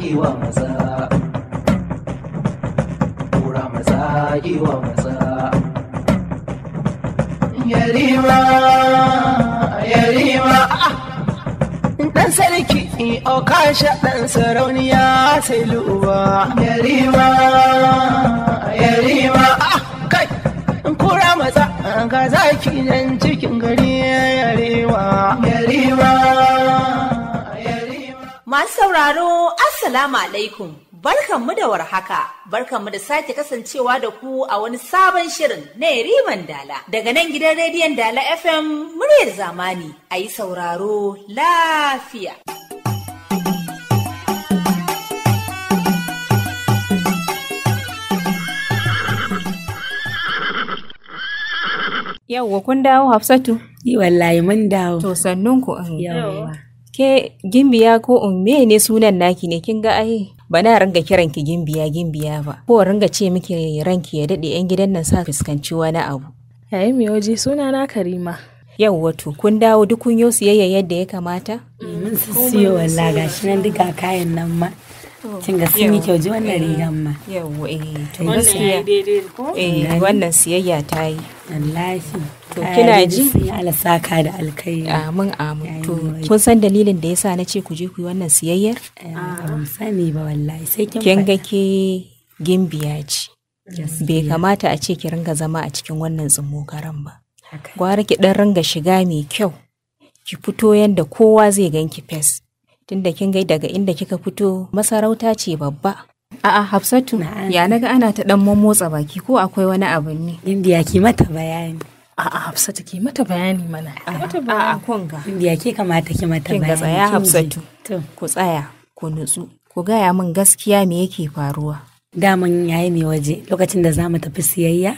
giwa maza kura maza giwa maza yarima yarima dan ah, sarki o kasha dan sarauniya sai luwa yarima yarima ah, kai kura maza ga zaki nan cikin gari yarima. yarewa yarewa Masu sauraro, Assalamu alaikum, barkanmu da warhaka, barkanmu da sake kasancewa da ku a wani sabon shirin na Riman Dala. Daga nan gidan rediyon Dala FM muryar zamani, a yi sauraro lafiya. wa kun dawo Hafsatu? Yi Wallahi mun dawo. To sannunku. Yawwa. ke gimbiya ko umme ne sunan naki ne kin ga ai ba na ringa kiran ki gimbiya gimbiya ba ko ringa ce miki ranki ya dade yan gidan nan sa fuskanci wani abu yayi mi waje suna na karima yau wato kun dawo duk kun yo siyayya yadda ya kamata eh, mun siyo wallahi gashi nan duka kayan nan ma kin ga sun yi kyau ji wannan rigan ma yau eh to gaskiya eh wannan siyayya ta yi wallahi to eh, kina ji Allah saka da alkai amin amin to kun san dalilin da yasa na ce ku je ku yi wannan siyayyar eh, ban sani ba wallahi sai kin kin ga ke gimbiya ce bai kamata a ce ki ringa zama a cikin wannan garan ba gwara ki dan ringa shiga mai kyau ki fito yanda kowa zai ganki fes tunda kin ga daga inda kika fito masarauta ce babba A'a Hafsatu, ya naga ana ta ɗan motsa baki ko akwai wani abu ne? Indiya ki mata bayani. A'a Hafsatu ki mata bayani mana. A'a kun ga. Ya ke kamata ki mata bayani. Kin tsaya Hafsatu. Ku tsaya ku nutsu ku gaya min gaskiya me yake faruwa. Daman yayi mai waje lokacin da za mu tafi siyayya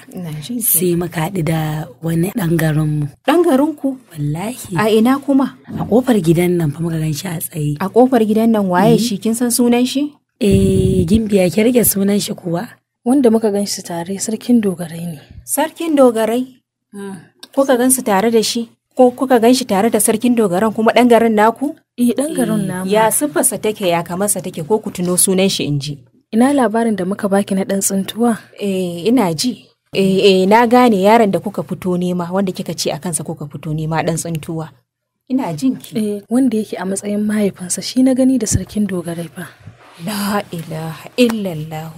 sai muka haɗu da wani ɗan garinmu. Ɗan ku? Wallahi. A ina kuma? A ƙofar gidan nan fa muka gan shi a tsaye. A ƙofar gidan nan waye mm. shi kin san sunan shi? Eh gimbiya ki rage sunan shi kuwa. Wanda muka gan shi tare sarkin dogarai ne. Sarkin dogarai? Hmm. Kuka gan su tare da shi? Ko kuka gan shi tare da sarkin dogaran kuma ɗan garin naku? Eh, ɗan garin eh, namu. Ya siffarsa take ya kamarsa take ko ku tuno sunan shi in ji. Ina labarin da muka baki na ɗan tsintuwa? Eh, ina ji. Eh, eh na gane yaron da kuka fito nema wanda kika ce a kansa kuka fito nema ɗan tsintuwa. Ina jin ki. Eh, wanda yake a matsayin mahaifinsa shi na gani da sarkin dogarai fa. La ilaha illallah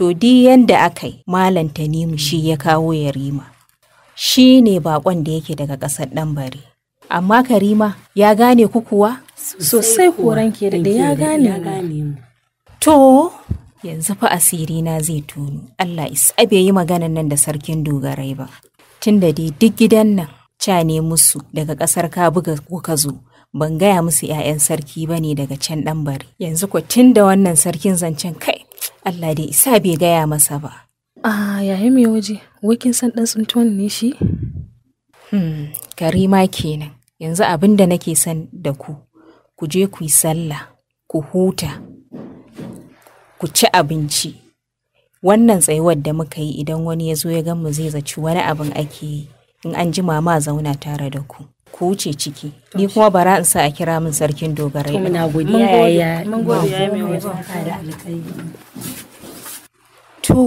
To di yanda aka yi, Malam Tanimu shi ya kawo Yarima. Shi ne bakon da yake daga ƙasar bare Amma Karima ya gane ku kuwa? Sosai koran ke da ya gane mu. To, yanzu fa asiri na zai tunu. Allah isa bai yi maganan nan da sarkin dogarai ba. Tun da dai duk gidan nan, ca ne musu daga ƙasar ka buga kuka zo. ban gaya musu 'ya'yan sarki ba ne daga can ɗan bari yanzu ko tun da wannan sarkin zancen kai Allah da isa bai gaya masa ba. A yayi mai waje, wakin san ɗan tsintuwan ne shi? Hmm, karima kenan. Yanzu abin da nake son da ku, ku je ku yi sallah, ku huta, ku ci abinci. Wannan tsayuwar da muka yi idan wani ya zo ya gan mu zai zaci wani abin ake yi, in an ji mama zauna tare da ku. ku wuce ciki ni kuma bara in sa a kira min sarkin dogarai muna mun da to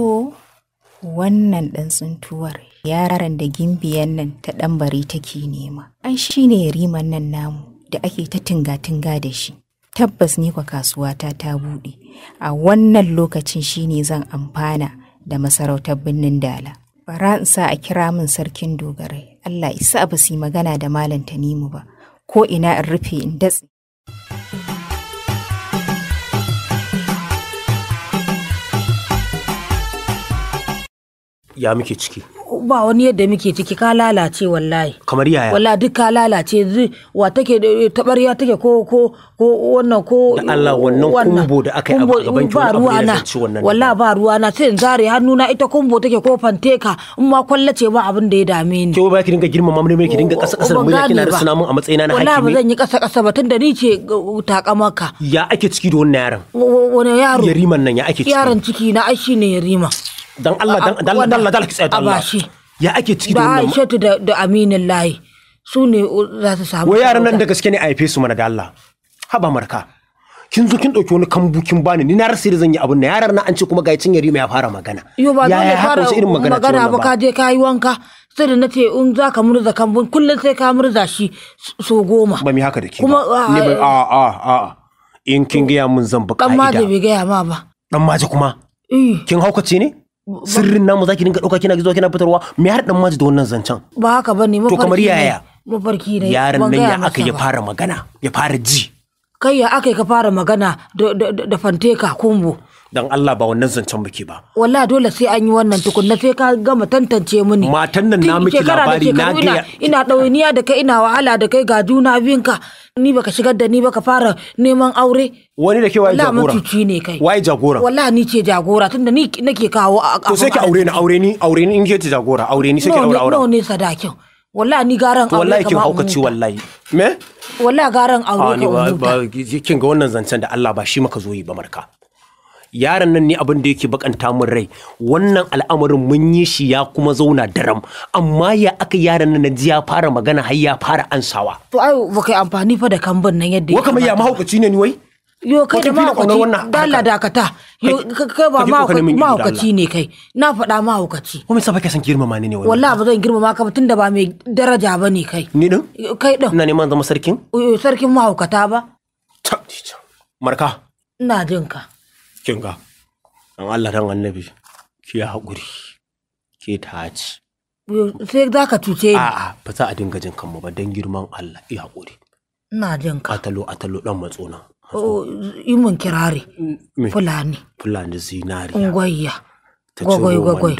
wannan dan tsuntuwar yaran da gimbiyan nan ta dan bari take nema ai shine riman nan namu da ake ta tinga-tinga da shi tabbas ni kwa kasuwata ta buɗe a wannan lokacin shine zan amfana da masarautar birnin dala bara in sa a kira min sarkin dogarai Allah isa ba su yi magana da Malam Tanimu ba, ko ina in rufe in datse. Ya muke ciki. ba wani yadda muke ciki ka lalace wallahi kamar yaya wallahi duk ka lalace wa take eh, tabarya take ko ko ko wannan ko da Allah wannan kumbo da aka yi a gaban ki wani abu wallahi ba ruwa na sai in zare na ita kumbo take ko fanteka in ma kwallace ba abin da ya dame ni ke ba ki dinga girmama mun ne ki dinga kasa kasa mun kina da mun a matsayina na hakimi wallahi ba zan yi kasa kasa ba tunda ni ce takamaka ya ake ciki da wannan yaron wani yaro yariman nan ya ake ciki yaron ciki na ai shine yarima dan Allah dan Allah dan Allah dan Allah ya ake ciki da wannan ba da da aminin layi su ne za su samu wai yaran nan da gaske ne a haife su mana da Allah haba marka kin zo kin dauki wani kambu kin bani ni na rasa da zan yi abun na yaran nan an ce kuma ga cin yari ya fara magana yo ba za ya fara irin magana magana ba ka je kai wanka sai da nace in za ka murza kambun kullun sai ka murza shi so goma ba mi haka da ki ne ba a a a in kin ga mun zan ida dan ma da bai ga ma ba dan ma kuma eh. kin haukace ne sirrin namu zaki dinga dauka kina gizo kina fitarwa me har dan maji da wannan zancen ba haka bane mafarki to kamar yaya mafarki ne yaron nan ya aka ya fara magana ya fara ji kai ya aka ka fara magana da fanteka kumbo dan Allah ba wannan zancen muke ba wallahi dole sai an yi wannan tukunna sai ka gama tantance mini matan nan na miki labari na ga ina dauniya da kai ina wahala da kai ga juna binka ni baka shigar da ni baka fara neman aure wani da ke waye jagora wallahi ne kai waye jagora wallahi ni ce jagora tunda ni nake kawo a to sai ki aure ni aure ni aure ni in ke ce jagora aure ni sai ki aure aure ne sadakin wallahi ni garan aure wallahi kin haukaci wallahi me wallahi garan aure ka ba kin ga wannan zancen da Allah ba shi maka zo yi ba marka yaron nan ne abin da yake bakanta mun rai wannan al'amarin mun yi shi ya kuma zauna daram amma ya aka yaron nan ji ya fara magana har ya fara ansawa to ai ba kai amfani fa da kambun nan yadda waka mai ya mahaukaci ne ni wai yo kai da mahaukaci dalla dakata yo kai ba mahaukaci ne kai na faɗa mahaukaci kuma sai baka san girmama ne ne wallahi wallahi ba zan girmama ka ba tunda ba mai daraja bane kai ni din kai din ina neman zama sarkin sarkin mahaukata ba marka ina jinka kin ga dan Allah dan annabi ki ya hakuri ke ta ci sai za ka cuce ni a'a ba za a dinga jin kanmu ba dan girman Allah ki hakuri. ina jin ka atalo atalo dan matsona yi mun kirare fulani fulani zinariya ungwayya ta gwagwai gwagwai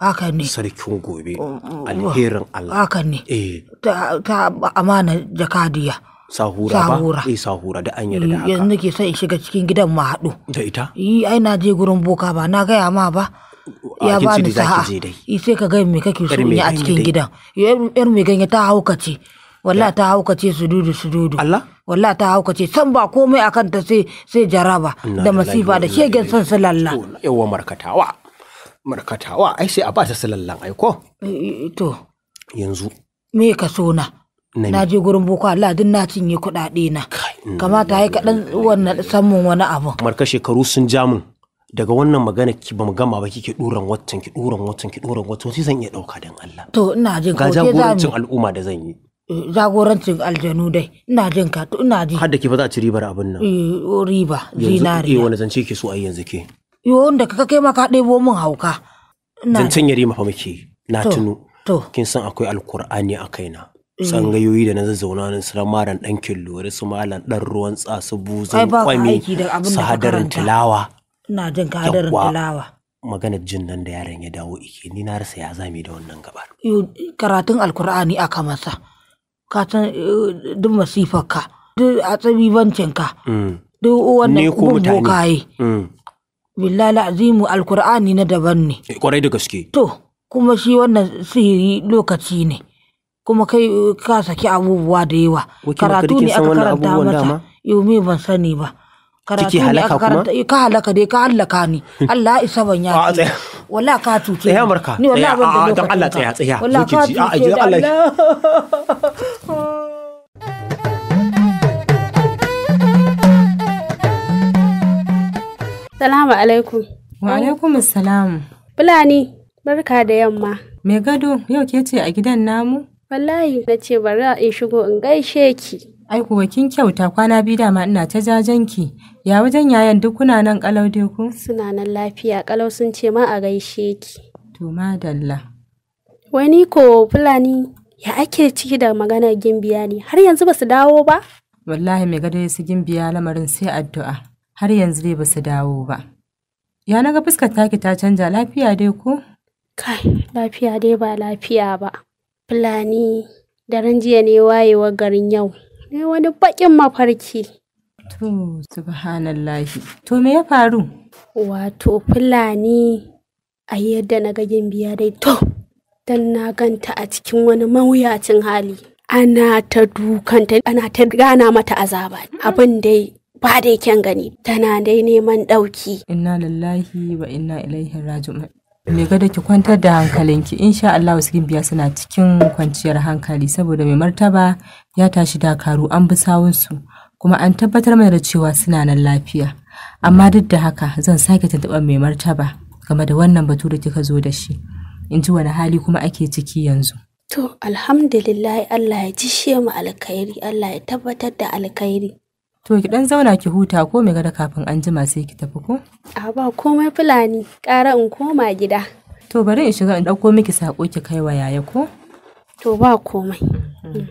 haka ne sarkin gobe mm, mm, mm. alherin Allah haka ne eh. ta amana jakadiya sahura ba eh sahura da anya mm, da haka yanzu nake son in shiga cikin gidan mu haɗu da ita eh ai na je gurin boka ba na gaya ma ba ya ba ni sa'a sai ka ga me kake so ni a cikin gidan yar me ganye ta haukace wallah ta haukace su dudu su dudu Allah wallah ta haukace san ba komai akan ta sai sai jaraba da masifa da shegen san salalla yawa markatawa markatawa ai sai a ba ta salallan ai ko eh, to yanzu me ka so na na je gurin boko Allah duk na cinye kuɗaɗe na kamata ya kaɗan wannan samun wani abu ka shekaru sun ja mun daga wannan magana ki ba mu gama ba kike ɗoran watan ki ɗoran watan ki ɗoran watan wasu zan iya ɗauka dan Allah to ina jin ka jagorancin al'umma da zan yi eh, jagorancin aljanu dai ina jin ka to ina ji har da ki fa za a ci ribar abin nan eh, riba zinari yanzu eh, wani zance ke so yi yanzu ke yo wanda ka kai ma ka ɗebo min hauka zancen rima fa muke na tunu kin san akwai alkur'ani a kaina sangayoyi eh. da na zazzauna na su malam dan killo su malam dan ruwan tsa su buzun kwami su hadarin tilawa ina jin hadarin tilawa magana jin nan da yaron ya dawo ike ni na rasa ya zame da wannan gabar karatun alkur'ani aka masa ka san eh, duk masifarka duk a tsabibancinka mm. duk wannan kuma kaye mm. billahi azimu alkur'ani na daban ne kwarai eh, da gaske to kuma shi wannan sihiri lokaci ne kuma kai ka saki abubuwa da yawa karatu ne aka karanta mata yau me ban sani ba karatu ne aka karanta eh, ka halaka dai ka halaka ni Allah isa ban ya wala ka tuce ni wala ban da dan Allah tsaya tsaya wala ka tuce a ji Allah Salamu alaikum. Wa alaikum salam. Fulani, barka da yamma. Me gado, yau ke ce a gidan namu? Wallahi na ce bari in shigo in gaishe ki. Ai kuwa kin kyauta kwana biyu dama ina ta jajanki. ki. Ya wajen yayan duk kuna nan kalau dai ku? Suna nan lafiya kalau sun ce ma a gaishe ki. To madalla. Wani ko Fulani ya ake ciki da maganar gimbiya ne har yanzu ba su dawo ba? Wallahi mai gado su gimbiya lamarin sai addu'a har yanzu dai ba dawo ba. Ya naga fuskar taki ta canja lafiya dai ku? Kai lafiya dai ba lafiya ba. Fulani, daren jiya ne wayewa garin yau, ne wani bakin mafarki. To, subhanallahi. To, me ya faru? Wato, Fulani a yadda na ga gimbiya dai to, don na ganta a cikin wani mawuyacin hali. Ana ta dukanta, ana ta gana mata azaba. Abin dai ba dai kyan gani, tana dai neman ɗauki. Inna lillahi wa inna ilaihi raji'un. mai gada ki kwantar da hankalinki insha Allah wasu biya suna cikin kwanciyar hankali saboda mai martaba ya tashi dakaru an bi sawunsu kuma an tabbatar mana da cewa suna nan lafiya amma duk da haka zan sake tuntuɓar mai martaba game da wannan batu da kika zo da shi in ji wani hali kuma ake ciki yanzu to alhamdulillah Allah ya ji mu alkhairi Allah ya tabbatar da alkhairi To ki dan zauna ki huta ko mai gada kafin an jima sai ki tafi ko? A ba komai fulani, ƙara in koma gida. To bari in shiga in ɗauko miki sako ki kai wa yaya ko? To ba komai. Mm-hmm.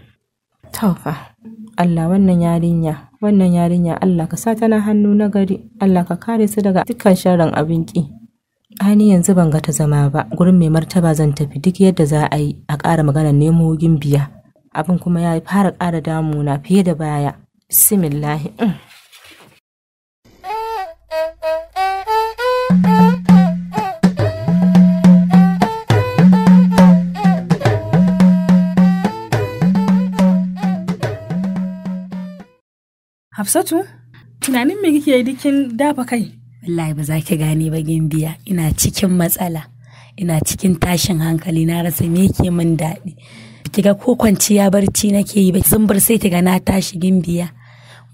Taufa, Allah wannan yarinya, wannan yarinya Allah ka sa tana hannu na gari, Allah ka kare su daga dukkan sharrin abin ki. Ani yanzu ban ga ta zama ba, gurin mai martaba zan tafi duk yadda za a yi a ƙara maganar nemo gimbiya. Abin kuma ya fara ƙara damuna fiye da baya. bismillah mm. Hafsatu, tunanin me kike yi dukin dafa kai? Wallahi ba za ki gane ba gimbiya, ina cikin matsala, ina cikin tashin hankali na rasa me ke min daɗi. Kiga ko kwanciya barci nake yi ba, zumbar sai kiga na tashi gimbiya.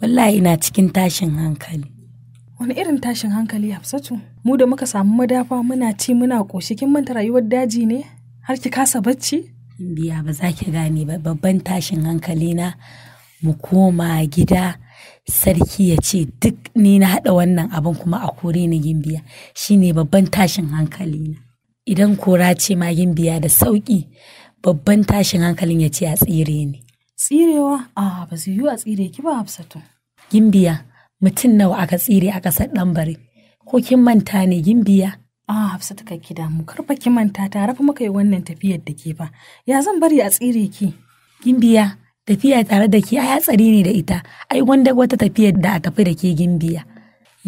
wallahi ina cikin tashin hankali wani irin tashin hankali hafsatu mu da muka samu madafa muna ci muna ƙoshi kin manta rayuwar daji ne har ki kasa bacci biya ba za ki gane ba babban tashin hankali na mu koma gida sarki ya ce duk ni na haɗa wannan abin kuma a kore ni gimbiya shine babban tashin hankali na idan kora ce ma gimbiya da sauƙi babban tashin hankalin ya ce a tsire ne. Tsirewa? A ba su yiwu a tsire ki ba Hafsatu. Gimbiya, mutum nawa aka tsire a ƙasar ɗanbare. Ko kin manta ne gimbiya? A Hafsatu ka ki damu, kar ki manta tare fa muka yi wannan tafiyar da ke ba. Ya zan bari a tsire ki? Gimbiya, tafiya tare da ke a hatsari ne da ita. Ai wanda wata tafiyar da a tafi da ke gimbiya.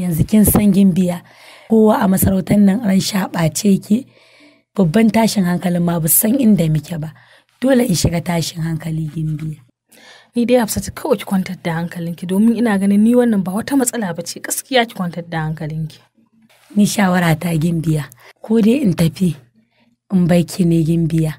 Yanzu kin san gimbiya. Kowa a masarautar nan ran shaɓace ki. Babban tashin hankalin ma ba san inda muke ba. dole in shiga tashin hankali biya. Ni dai Hafsatu kawai ki kwantar da hankalinki domin ina ganin ni wannan ba wata matsala ba ce gaskiya ki kwantar da hankalinki. Ni shawara ta gimbiya ko dai in tafi in baiki ne gimbiya.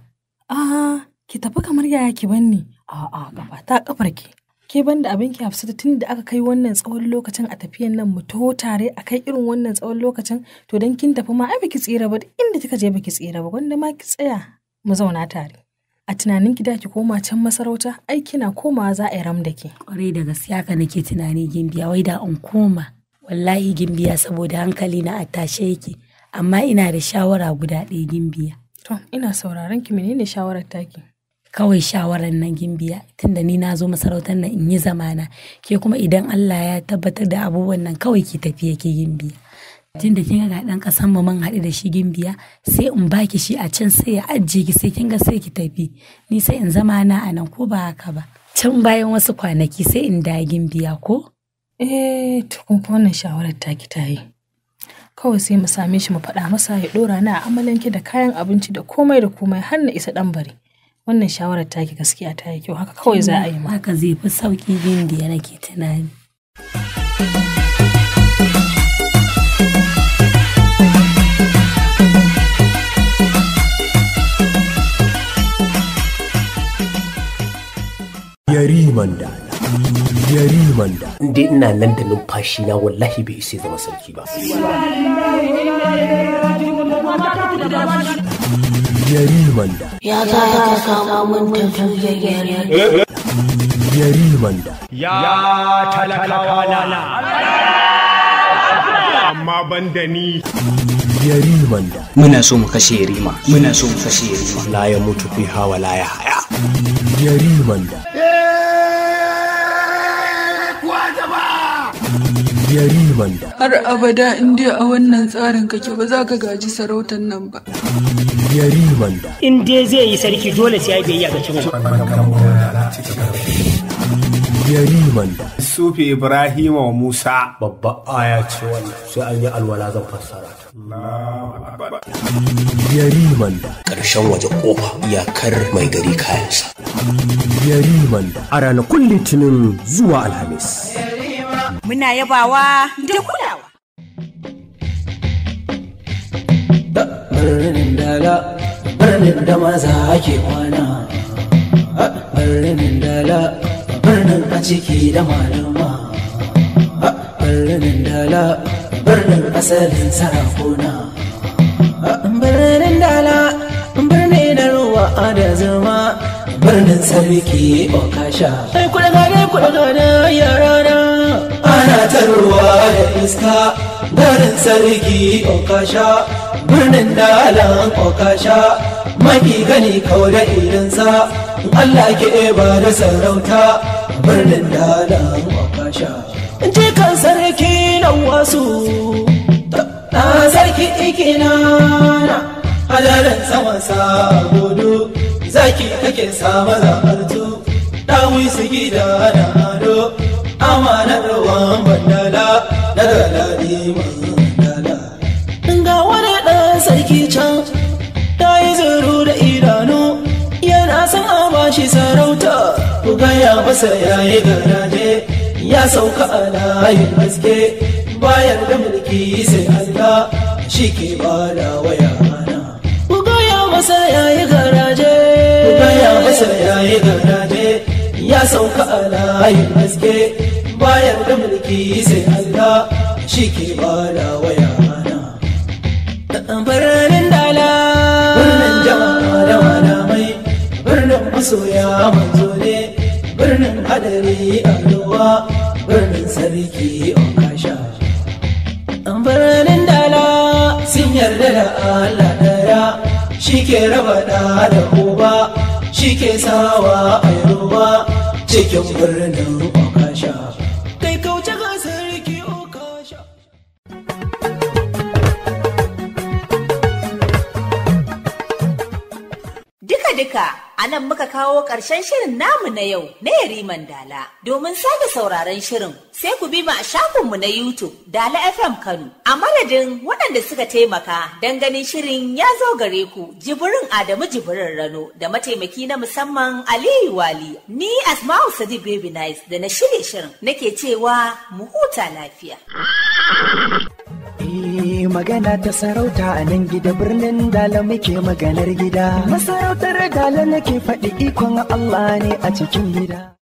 Ah, ki tafi kamar yaya ki banni. A'a, gaba ta kafar ki. Ke ban da abin ki Hafsatu tun da aka kai wannan tsawon lokacin a tafiyan nan mu taho tare a kai irin wannan tsawon lokacin to don kin tafi ma ai baki tsira ba inda kika je baki tsira ba gwanda ma ki tsaya mu zauna tare. a tunanin gida ki koma can masarauta ai kina komawa za a yi ram da ke kwarai da gaske haka nake tunani gimbiya wai da in koma wallahi gimbiya saboda hankali na a tashe yake amma ina da shawara guda ɗaya gimbiya to ina sauraron ki menene shawarar taki kawai shawarar nan gimbiya tunda ni na zo masarautar nan in yi zamana ke kuma idan Allah ya tabbatar da abubuwan nan kawai ki tafi yake gimbiya tun da kinga ga ɗan kasan mu mun haɗu da shi gimbiya sai in baki shi a can sai ya ajiye ki sai kinga sai ki tafi ni sai in zama na a nan ko ba haka ba can bayan wasu kwanaki sai in da gimbiya ko eh to kun fa wannan shawarar ta ki ta yi kawai sai mu same shi mu faɗa masa ya dora na a amalanki da kayan abinci da komai da komai har na isa dan bari wannan shawarar ta taki gaskiya ta yi kyau haka kawai za a yi ma haka zai fi sauki gimbiya nake tunani yariman da yariman da inda ina nan da numfashi na wallahi bai isa zama sarki ba yariman da ya za ka samu mun tafiya yariman da ya talakawa na amma ban da ni yariman da muna so mu kashe yarima muna so mu kashe yarima la ya mutu fi hawa la ya haya yariman da yarinyar banda. Har abada in a wannan tsarin kake ba za ka gaji sarautar nan ba. Yarinyar banda. In dai zai yi sarki dole sai ya biyayya ga cikin. Yarinyar banda. Sufi Ibrahim wa Musa. Babba aya ce wannan sai an yi alwala zan fassara. Yarinyar banda. Ƙarshen waje ƙofa iyakar mai gari kayansa. Yarinyar banda. A ranakun Litinin zuwa Alhamis. Muna yabawa da kulawa. Birnin dala, birnin da maza ake kwana. Birnin dala, birnin a ciki da malama. Birnin dala, birnin asalin sarakuna. Birnin dala, birni da ruwa da zama. birnin sarki okasha. Ai kuɗa gane kuɗa gane yara na. ana tarwa da iska Darin sarki okasha birnin dalan okasha mafi gani kau da idansa Allah ke ba da sarauta birnin dalan okasha kan sarki nan wasu na sarki ikina na halarin saman sa gudu zaki ake sama zabartu hartu su gida na ado amanar ruwan bandala na dalali mandala ga wani ɗan sarki can ta yi zuru da idanu yana son a bashi sarauta ku gaya masa yayi garaje ya sauka a layin haske bayan da mulki sai Allah shi ke bada waya ana ku gaya masa yayi garaje ku gaya masa yayi garaje ya sauka a layin haske bayan da mulki sai Allah shi ke bada waya mana birnin dala birnin jama'a da mai birnin masoya manzo ne birnin hadari a ruwa birnin sarki sha kasha birnin dala sun yarda da Allah daya shi ke raba da uba shi ke sawa a ruwa cikin birnin okasha haka a nan muka kawo ƙarshen shirin namu na yau na Yariman Dala. Domin sake sauraron shirin sai ku bi mu a shafinmu na YouTube Dala FM Kano. A madadin waɗanda suka taimaka don ganin shirin ya zo gare ku jibirin Adamu jibirin Rano da mataimaki na musamman Aliyu Wali. Ni Asma'u sadi Baby Nice da na shirye shirin nake cewa mu huta lafiya. magana ta sarauta a nan gida birnin dala muke maganar gida masarautar dala nake faɗi ikon Allah ne a cikin gida